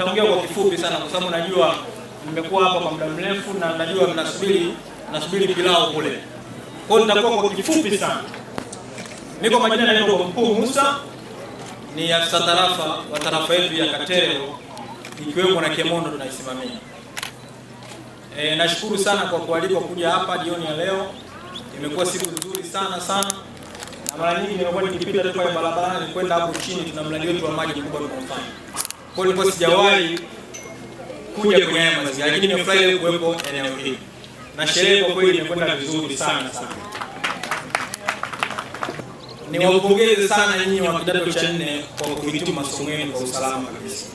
nitaongea kwa kifupi sana, kwa sababu najua nimekuwa hapa kwa muda mrefu na najua mnasubiri nasubiri pilau kule. Kwa hiyo nitakuwa kwa kifupi sana. Niko majina naitwa Mkuu Musa, ni afisa tarafa wa tarafa yetu ya Katerero ikiwemo na Kemondo tunaisimamia. E, nashukuru sana kwa kualikwa kuja hapa jioni ya leo. Imekuwa siku nzuri sana sana na mara nyingi nimekuwa nikipita tu kwa barabarani kwenda hapo chini, tuna mradi wetu wa maji mkubwa tunaofanya. Kwa hiyo sijawahi kuja kwenye haya mazingira, lakini nimefurahi kuwepo eneo hili na sherehe kwa kweli imekwenda vizuri sana sana. Niwapongeze sana nyinyi wa kidato cha nne kwa kuhitimu masomo yenu kwa usalama kabisa.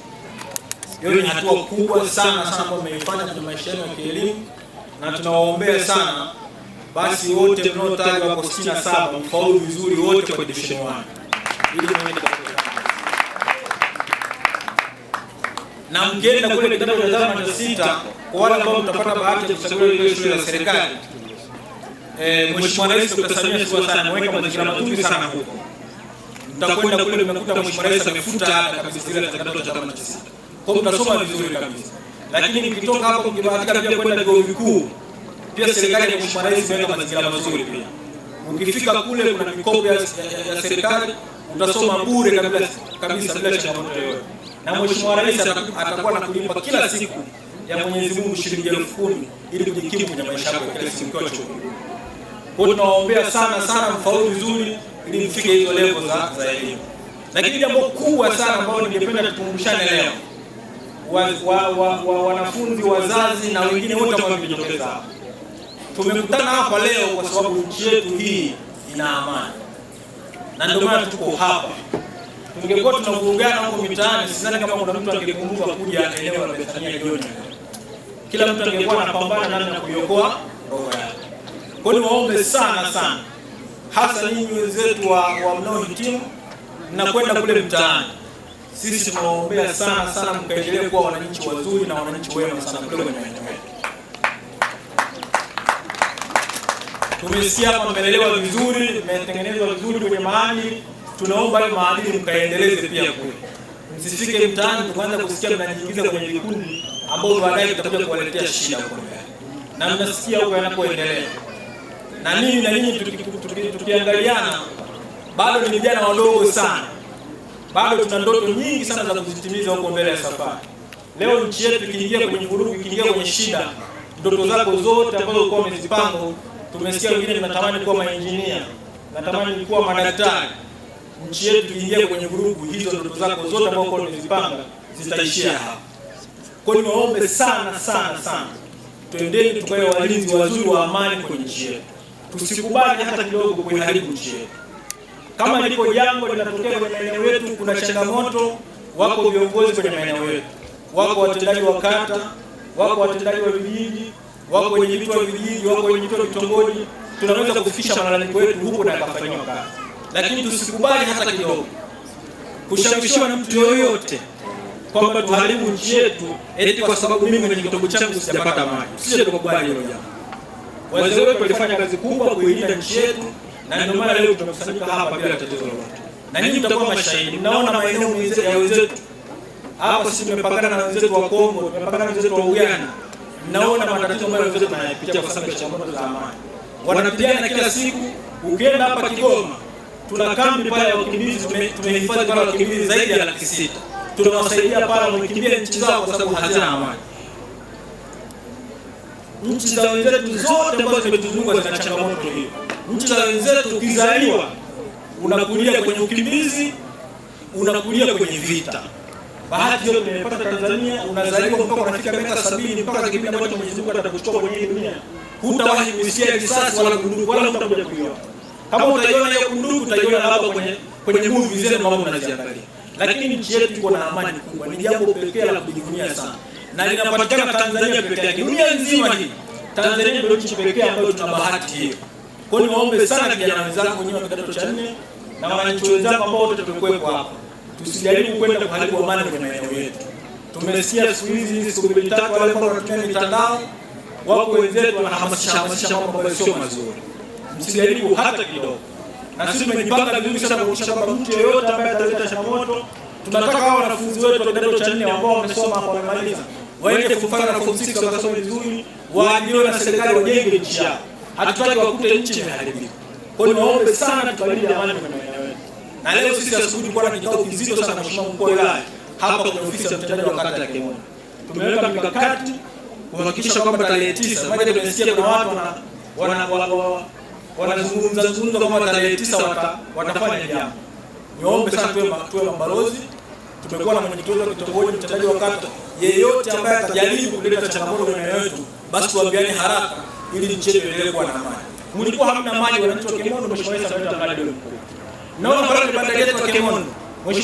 Hiyo ni hatua kubwa sana sana ambayo mmeifanya kwenye maisha yenu ya kielimu, na tunawaombea sana basi wote mnaotajwa wako 67 mfaulu vizuri wote kwa division 1 ili mwende kwa na mkienda kule kitabu cha Zama cha Sita, kwa wale ambao mtapata bahati ya kuchagua ile shule ya serikali eh, Mheshimiwa Rais Dr. Samia Suluhu Hassan ameweka mazingira mazuri sana huko. Mtakwenda kule mmekuta Mheshimiwa Rais amefuta hata kabisa ile za kitabu cha Zama cha Sita, kwa hiyo mtasoma vizuri kabisa. Lakini mkitoka hapo mkibahatika pia kwenda vyuo vikuu, pia serikali ya Mheshimiwa Rais imeweka mazingira mazuri pia. Ukifika kule kuna mikopo ya serikali utasoma bure kabisa kabisa bila changamoto yoyote na Mheshimiwa Rais atakuwa anakulipa kila siku ya Mwenyezi Mungu shilingi elfu kumi ili kujikimu kwenye maisha yako kila siku kwa chuo. Kwa tunawaombea sana sana mfaulu vizuri ili mfike hizo levo za za elimu. Lakini jambo kubwa sana ambalo ningependa tukumbushane leo wa, wa, wa, wa wanafunzi wazazi na wengine wote ambao wamejitokeza hapa. Tumekutana hapa leo kwa sababu nchi yetu hii ina amani, na ndio maana tuko hapa tungekuwa tunavurugana huko mitaani, sidhani kama kuna mtu angekumbuka kuja eneo la Bethania jioni. Kila mtu angekuwa anapambana namna ya kuiokoa roho yake. Kwa hiyo niwaombe sana sana, hasa nyinyi wenzetu wa, wa mnaohitimu mnakwenda kule mtaani, sisi tunawaombea sana sana, mkaendelee kuwa wananchi wazuri na wananchi wema sana kule kwenye maeneo yetu. Tumesikia hapa, mmeelewa vizuri, mmetengenezwa vizuri kwenye mahali tunaomba hayo maadili mkaendeleze pia kule. Msifike mtaani tukaanza kusikia mnajiingiza kwenye vikundi ambao baadaye tutakuja kuwaletea shida huko mbele, na mnasikia huko yanapoendelea na nini na nini. Tukiangaliana bado ni vijana wadogo sana, bado tuna ndoto nyingi sana za kuzitimiza huko mbele ya safari. Leo nchi yetu ikiingia kwenye vurugu, ikiingia kwenye shida, ndoto zako zote ambazo ulikuwa umezipanga, tumesikia wengine tunatamani kuwa mainjinia, natamani kuwa madaktari nchi yetu ingia kwenye vurugu hizo, ndoto zako zote ambazo kwa umezipanga zitaishia hapa. Kwa hiyo niwaombe sana sana sana, twendeni tukawe walinzi wazuri wa amani kwenye nchi yetu, tusikubali hata kidogo kuiharibu nchi yetu. Kama liko jambo linatokea kwenye maeneo yetu, kuna changamoto, wako viongozi kwenye maeneo yetu, wako watendaji wa kata, wako watendaji wa vijiji, wako wenyeviti wa vijiji, wako wenyeviti wa vitongoji, tunaweza kufikisha malalamiko yetu huko na yakafanywa kazi lakini tusikubali hata kidogo kushawishiwa na mtu yoyote kwamba tuharibu nchi yetu eti kwa sababu mimi kwenye kitabu changu sijapata maji. Sisi tukubali hilo jambo. Wazee wetu walifanya kazi kubwa kuilinda nchi yetu, na ndio maana leo tumekusanyika hapa bila tatizo lolote, na nyinyi mtakuwa mashahidi. Mnaona maeneo ya wenzetu hapo, sisi tumepakana na wenzetu wa Kongo, tumepakana na wenzetu wa Uganda. Mnaona matatizo ambayo wenzetu wanayapitia kwa sababu ya changamoto za amani, wanapigana kila siku. Ukienda hapa Kigoma tuna kambi pale ya wakimbizi, tumehifadhi tume pale wakimbizi zaidi ya laki sita. Tunawasaidia pale wamekimbia nchi zao kwa sababu hazina amani. Nchi za wenzetu zote ambazo zimetuzunguka zina changamoto hiyo. Nchi za wenzetu, ukizaliwa unakulia kwenye ukimbizi, unakulia kwenye vita. Bahati hiyo tumepata Tanzania, unazaliwa mpaka unafika miaka sabini, mpaka kipindi ambacho Mwenyezi Mungu atakuchukua kwenye dunia, hutawahi kusikia risasi wala bunduki wala hutakuja kuiona. Kama utaiona hiyo bunduki utaiona labda kwenye kwenye movie zenu ambazo mnaziangalia. Lakini nchi yetu iko na amani kubwa, ni jambo pekee la kujivunia sana. Na linapatikana Tanzania pekee yake. Dunia nzima hii Tanzania ndio nchi pekee ambayo tuna bahati hiyo. Kwa hiyo niwaombe sana vijana wenzangu wenyewe wa kidato cha nne na wananchi wenzangu ambao wote tumekuwepo hapa. Tusijaribu kwenda kuharibu amani kwenye maeneo yetu. Tumesikia siku hizi hizi siku mbili tatu wale ambao wanatumia mitandao wako wenzetu wanahamasisha hamasisha mambo ambayo sio mazuri msijaribu hata kidogo, na sisi tumejipanga vizuri sana kuhakikisha kwamba mtu yeyote ambaye ataleta changamoto, tunataka hao wanafunzi wetu wa kidato cha nne ambao wamesoma hapa wamemaliza waende kufanya na form 6 wakasome vizuri, waajiriwe na serikali, wajenge nchi yao. Hatutaki wakute nchi imeharibika. Kwa hiyo niwaombe sana tukalinde amani kwenye maeneo yetu. Na leo sisi asubuhi tulikuwa na kikao kizito sana, mheshimiwa mkuu wa wilaya, hapa kwenye ofisi ya mtendaji wa kata ya Kemondo. Tumeweka mikakati kuhakikisha kwamba tarehe 9 maana tumesikia kuna watu wana wanazungumza zungumza kwamba tarehe tisa wata, watafanya jambo. niombe sana tuwe mabalozi. Tumekuwa na mwenyekiti wa kitongoji, mtendaji wa kata, yeyote ambaye atajaribu kuleta changamoto kwenye eneo letu, basi tuambiane haraka ili nchi yetu iendelee kuwa na amani. Mlikuwa hamna maji, wananchi wa Kimondo, mheshimiwa rais ameleta mradi mkuu. Naona pale bandari yetu ya Kimondo